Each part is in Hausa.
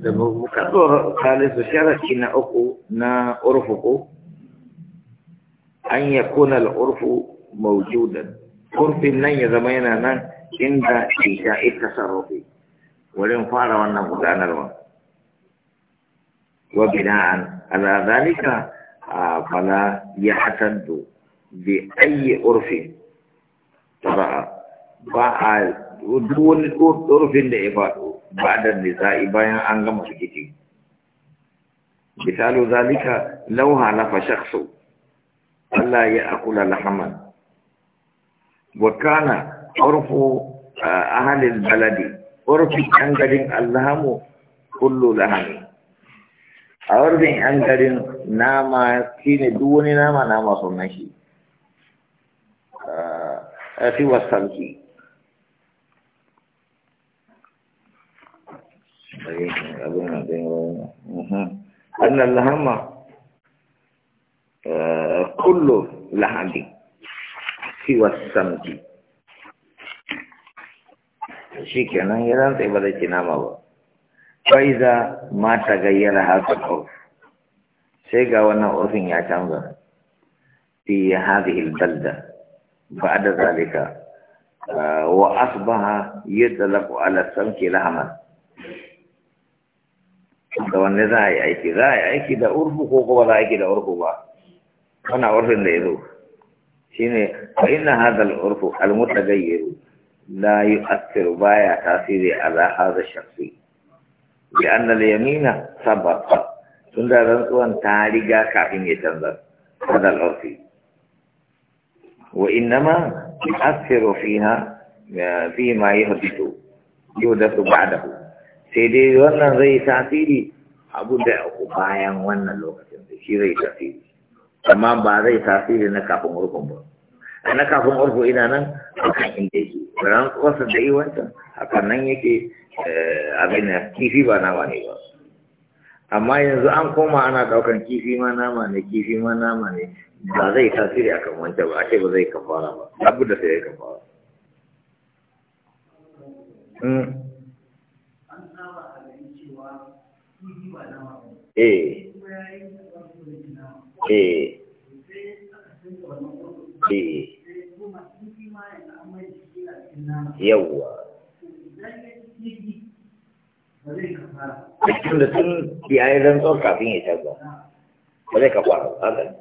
ان يكون العرف موجودا قرب نين زمانا نان عند انشاء التصرف ولن فعل وانا قدان الوان وبناء على ذلك فلا يحتد بأي عرف طبعا بعد duk wani tsorofin da ya faɗo ba da nisa'i bayan an gama rikici misalu zalika lauha na fashaksu Allah ya akula lahaman wa kana urfu halin baladi urfi an garin allahamu kullu lahani. a urfin an garin nama shine duk wani nama nama sunan shi a fi wasanki Annal hama eh, kullu lahadi fi wasamti shi kenan ya zanta ba zai ce nama ba kai za mata gayyara haka of sai ga wannan ofin ya canza fi ya hadi ilbalda ba a da zalika eh, wa asbaha yadda zaku ala samki da wanne za a yi aiki za a yi aiki da urfu ko kuma za a aiki da urfu ba wana urfin da ya zo shi ne a ina hazal urfu almuta gayyaru la yi asiru baya tasiri ala haza shafi bi an da yamina sabata tun da rantsuwan ta riga kafin ya canza hazal urfi wa innama asiru fiha fi ma yi hadisu yau da su ba da hu sai dai wannan zai tasiri abu da bayan wannan lokacin da shi zai tasiri amma ba zai tasiri na kafin urkun ba a na kafin urku ina nan akan inda yake ran kwasa da yi wancan hakan nan yake eh, abin da kifi ba nama ne ba amma yanzu an koma ana daukan kifi ma nama ne kifi ma nama ne ba zai tasiri akan wancan ba ce ba zai kafara ba abu da sai ya kafara hmm. eh eh eh yawwa cikin da tun ya yi rantsuwar kafin ya shagwa ba zai kafara ba haka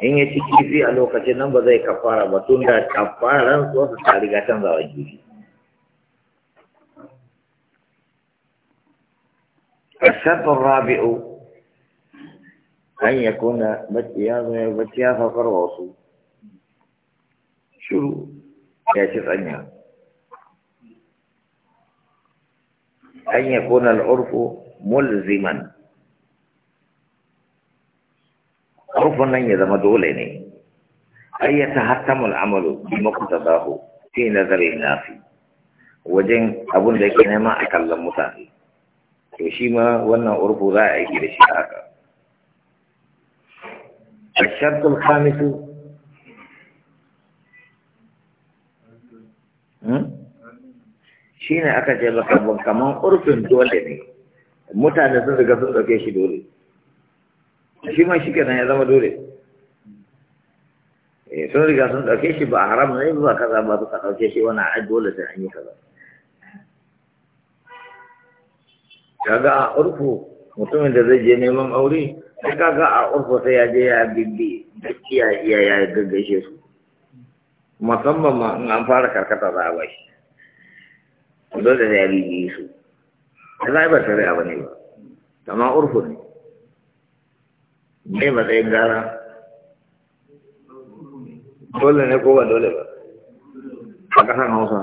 in ya ci kifi a lokacin nan ba zai kafara ba tun da kafaran tsohon ta riga canzawa kifi الشرط الرابع أن يكون بكيا بكيا فقر وصول شروع يا أن يكون العرف ملزما عرف أن يذم دولين أن يتحتم العمل بمقتضاه في نظر الناس وجن أبن ذلك نما أكلم مسافر to shi ma wannan urfu za a yi da shi haka الشرط kamisu. Hmm? shi ne aka ce baka kaman urfin dole ne mutane sun riga sun ɗauke shi dole shi ma shi kenan ya zama dole eh, sun riga sun ɗauke shi ba haram ne ba kaza ba suka ɗauke shi wani a dole sai an yi kaza kaga a urfu mutumin da zai je neman aure sai kaga a urfu sai ya je ya bibbi gaskiya iya ya gaggashe su musamman ma in an fara karkata za a shi dole da ya bibbi su Allah ba shari'a bane ba amma urfu ne ba matsayin gara dole ne ko ba dole ba a ƙasar hausa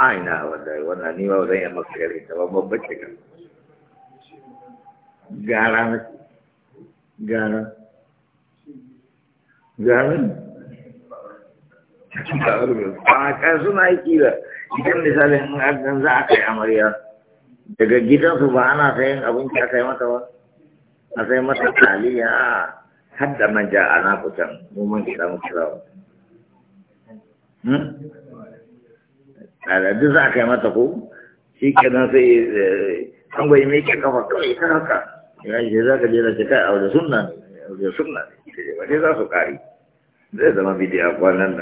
a ina wanda wannan ni ba zan yi maka gare ta ba babba ce ka gara gara gara ba kan suna yi kila idan misalin an za a kai amarya daga gidansu ba ana sayan abinci a kai mata ba a sai mata taliya har manja a nakutan mu mun kira mu kira duk za ka yi mata ko shi kenan sai eh, an gwai mai ke kafa kawai ta haka ya shi za ka jera ce kai aure sunna ne aure sunna ne ta jeba za su kari zai zama bidiya kwanan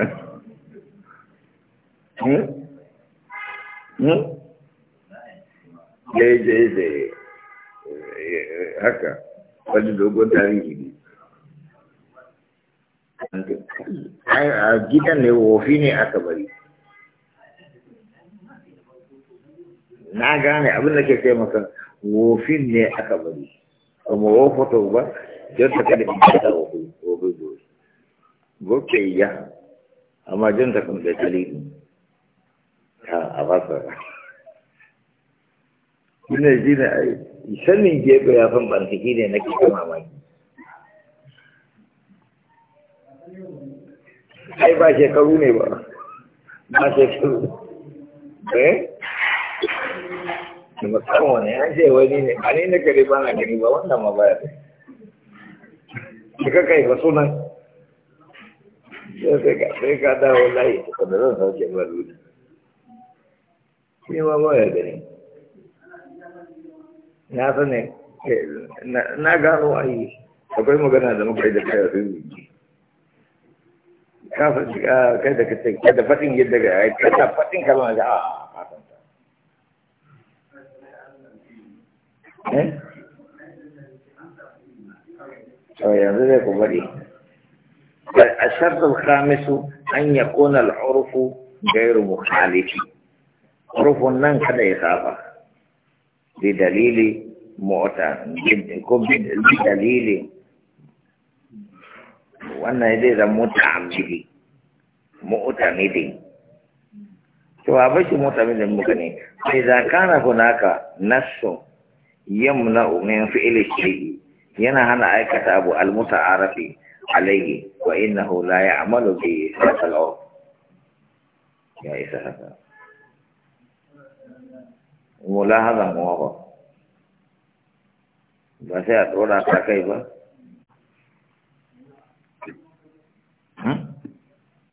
nan ya yi zai zai haka wani dogon tarihi ne a gidan ne wofi ne aka bari na gane abin da ke kai maka wofin ne aka bari kuma wofoto ba jan ta kada in ta wofi wofi dole goke ya amma jan ta kan tsali ne ta a fasa ina ji na sanin gefe ya san barkiki ne na kika mamaki ai ba shekaru ne ba ba shekaru eh musamman ne an ce wani ne Ani ne na gari ba na gari ba wannan ma baya ne ka kai ba sunan sai ka dawo layi da zan sauke ba lura Ni ma baya gari na sani na gano ayi akwai magana da muka yi da kai a rinji ka faɗi kai da kai da faɗin yadda ga kai da fatin kalmar da a'a ah. eh yanzu zai ku bari الشرط الخامس أن يكون العرف غير مخالف عرف نن كذا يخاف ko bi dalili wannan zai mota mutamidi mutamidi to a bashi mutamidin muka ne sai za kana ka nassun yamna min fi'li shay'i yana hana aikata abu al-muta'arafi alayhi wa innahu la ya'malu bi ya isa haka mulahaza muwafa ba sai a tsora ta kai ba hmm?